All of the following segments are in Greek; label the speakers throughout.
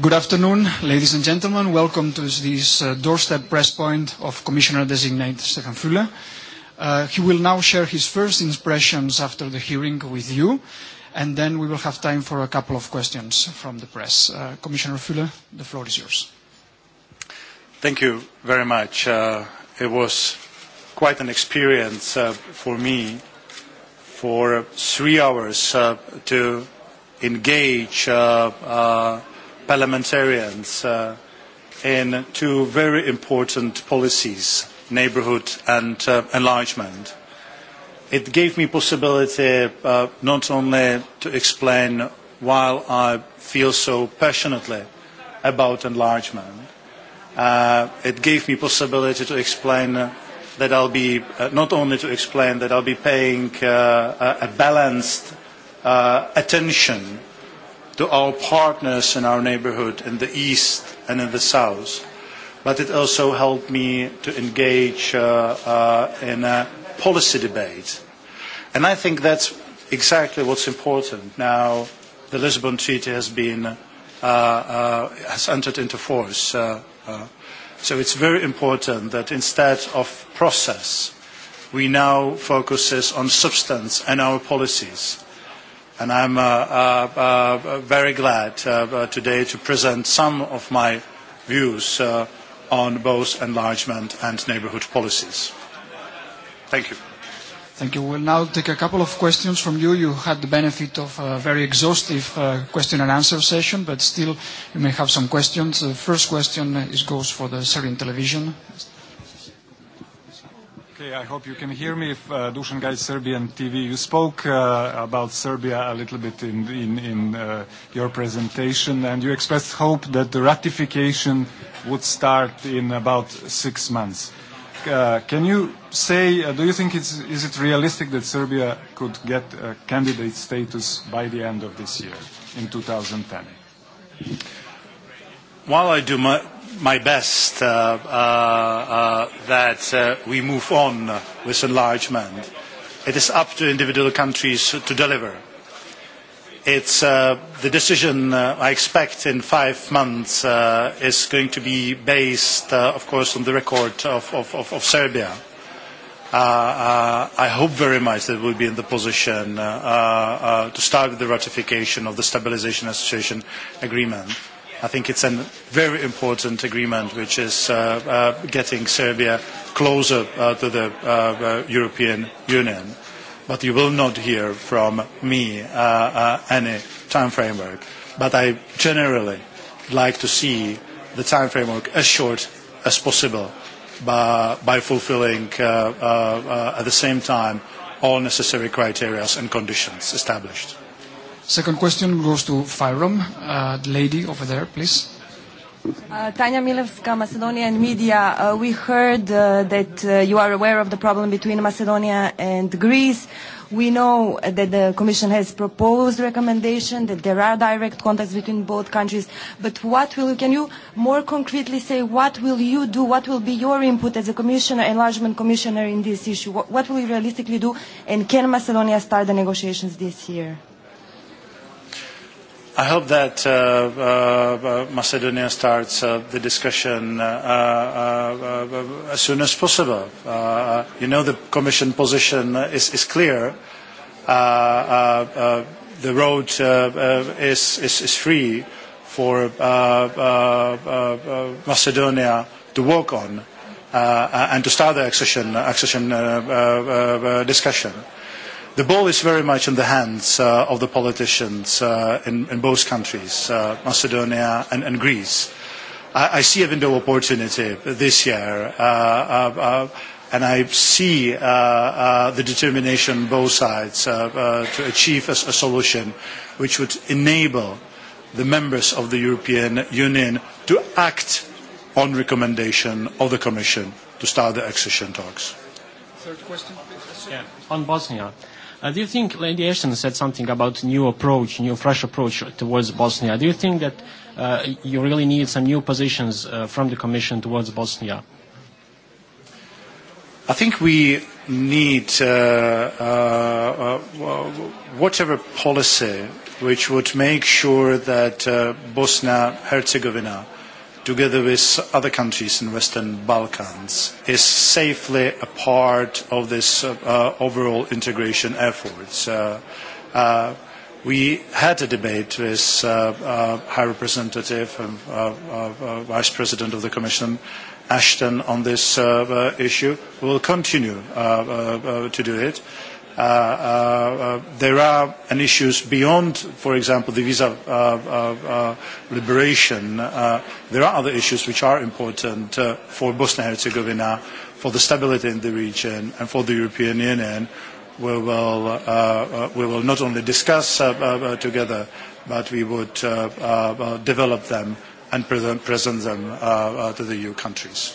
Speaker 1: Good afternoon, ladies and gentlemen. Welcome to this doorstep press point of Commissioner-designate Stefan Füle. He will now share his first impressions after the hearing with you, and then we will have time for a couple of questions from the press. Commissioner Füle, the floor is yours.
Speaker 2: Thank you very much. It was quite an experience for me for three hours to engage parliamentarians in two very important policies, neighbourhood and enlargement. It gave me possibility not only to explain why I feel so passionately about enlargement, it gave me possibility to explain that I'll be not only to explain that I'll be paying a balanced attention to our partners in our neighborhood in the east and in the south. But it also helped me to engage in a policy debate. And I think that's exactly what's important. Now, the Lisbon Treaty has been has entered into force. So it's very important that instead of process, we now focus on substance and our policies and I'm very glad today to present some of my views on both enlargement and neighbourhood policies. Thank you.
Speaker 1: Thank you. We'll now take a couple of questions from you. You had the benefit of a very exhaustive question and answer session, but still you may have some questions. The first question goes for the Syrian television. I hope you can hear me. If Dusan Gaj, Serbian TV, you spoke about Serbia a little bit in your presentation, and you expressed hope that the ratification would start in about six months. Can you say, do you think it's is it realistic that Serbia could get a candidate status by the end of this year, in 2010?
Speaker 2: While I do my my best that we move on with enlargement. It is up to individual countries to deliver. It's the decision I expect in five months is going to be based, of course, on the record of Serbia. I hope very much that will be in the position to start the ratification of the Stabilisation Association Agreement I think it's a very important agreement which is getting Serbia closer to the European Union. But you will not hear from me any time framework. But I generally like to see the time framework as short as possible by fulfilling at the same time all necessary criteria and conditions
Speaker 1: established. Second question goes to Fyrom. The lady over there, please.
Speaker 2: Tanya Milevska, Macedonian media. We heard that you are aware of the problem between Macedonia and Greece. We know that the Commission has proposed recommendation that there are direct contacts between both countries. But what will can you more concretely say? What will you do? What will be your input as a Commissioner, Enlargement Commissioner, in this issue? What will you realistically do? And can Macedonia start the negotiations this year? I hope that Macedonia starts the discussion as soon as possible. You know the Commission position is clear. The road is free for Macedonia to work on and to start the accession discussion the ball is very much in the hands of the politicians in both countries, Macedonia and Greece. I see a window of opportunity this year, and I see the determination on both sides to achieve a solution which would enable the members of the European Union to act on recommendation of the Commission to start the accession talks.
Speaker 1: Third question, on Bosnia. Do you think Lady Ashton said something about new approach, new fresh approach towards Bosnia? Do you think that you really need some new positions from the Commission towards Bosnia?
Speaker 2: I think we need whatever policy which would make sure that Bosnia-Herzegovina together with other countries in the Western Balkans, is safely a part of this overall integration effort. We had a debate with High Representative and Vice President of the Commission, Ashton, on this issue. We will continue to do it there are issues beyond, for example, the visa liberation. There are other issues which are important for Bosnia and Herzegovina, for the stability in the region and for the European Union. We will not only discuss together, but we would develop them and present them to the EU countries.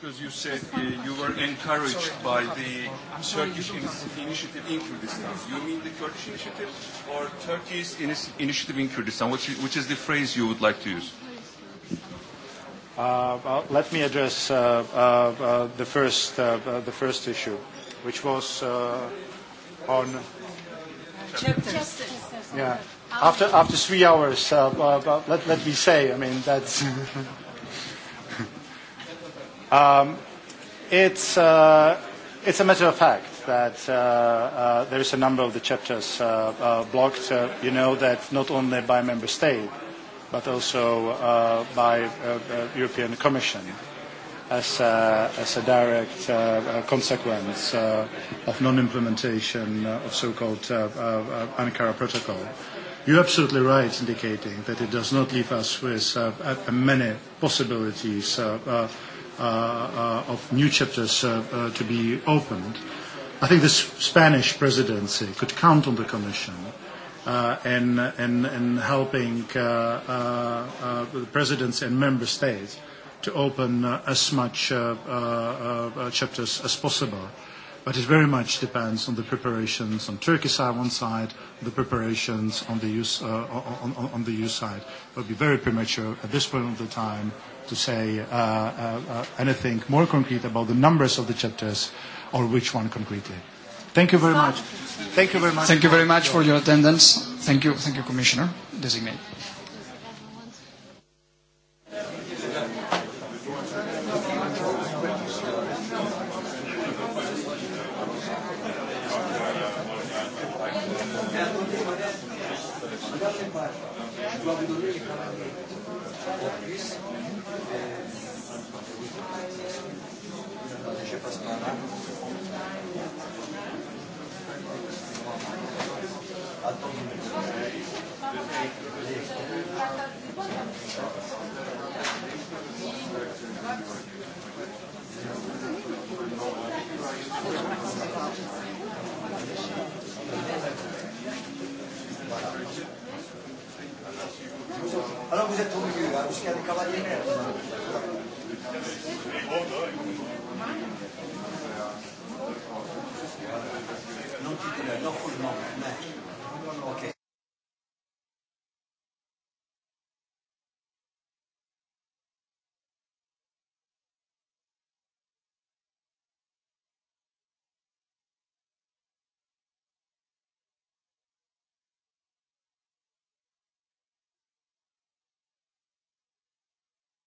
Speaker 1: because you said you were encouraged by the Turkish initiative in Kurdistan. You mean the Kurdish initiative or Turkey's initiative in Kurdistan? Which is the phrase you would like to use?
Speaker 2: Let me address the first the first issue, which was on. Yeah. After after three hours, let let me say, I mean that's. It's a matter of fact that there is a number of the chapters blocked. You know that not only by member state, but also by the European Commission as a direct consequence of non-implementation of so-called Ankara Protocol. are absolutely right indicating that it does not leave us with many possibilities of new chapters to be opened. I think the Spanish presidency could count on the Commission in helping the presidents and member states to open as much chapters as possible. But it very much depends on the preparations on Turkey's side, one side, the preparations on the EU side. It would be very premature at this point of the time to say anything more concrete about the numbers of the chapters or which one
Speaker 1: concretely. Thank you very much.
Speaker 2: Thank you very much. Thank you
Speaker 1: very much for your attendance. Thank you, thank you, Commissioner. Designate. Alors vous êtes tombé, parce qu'il y a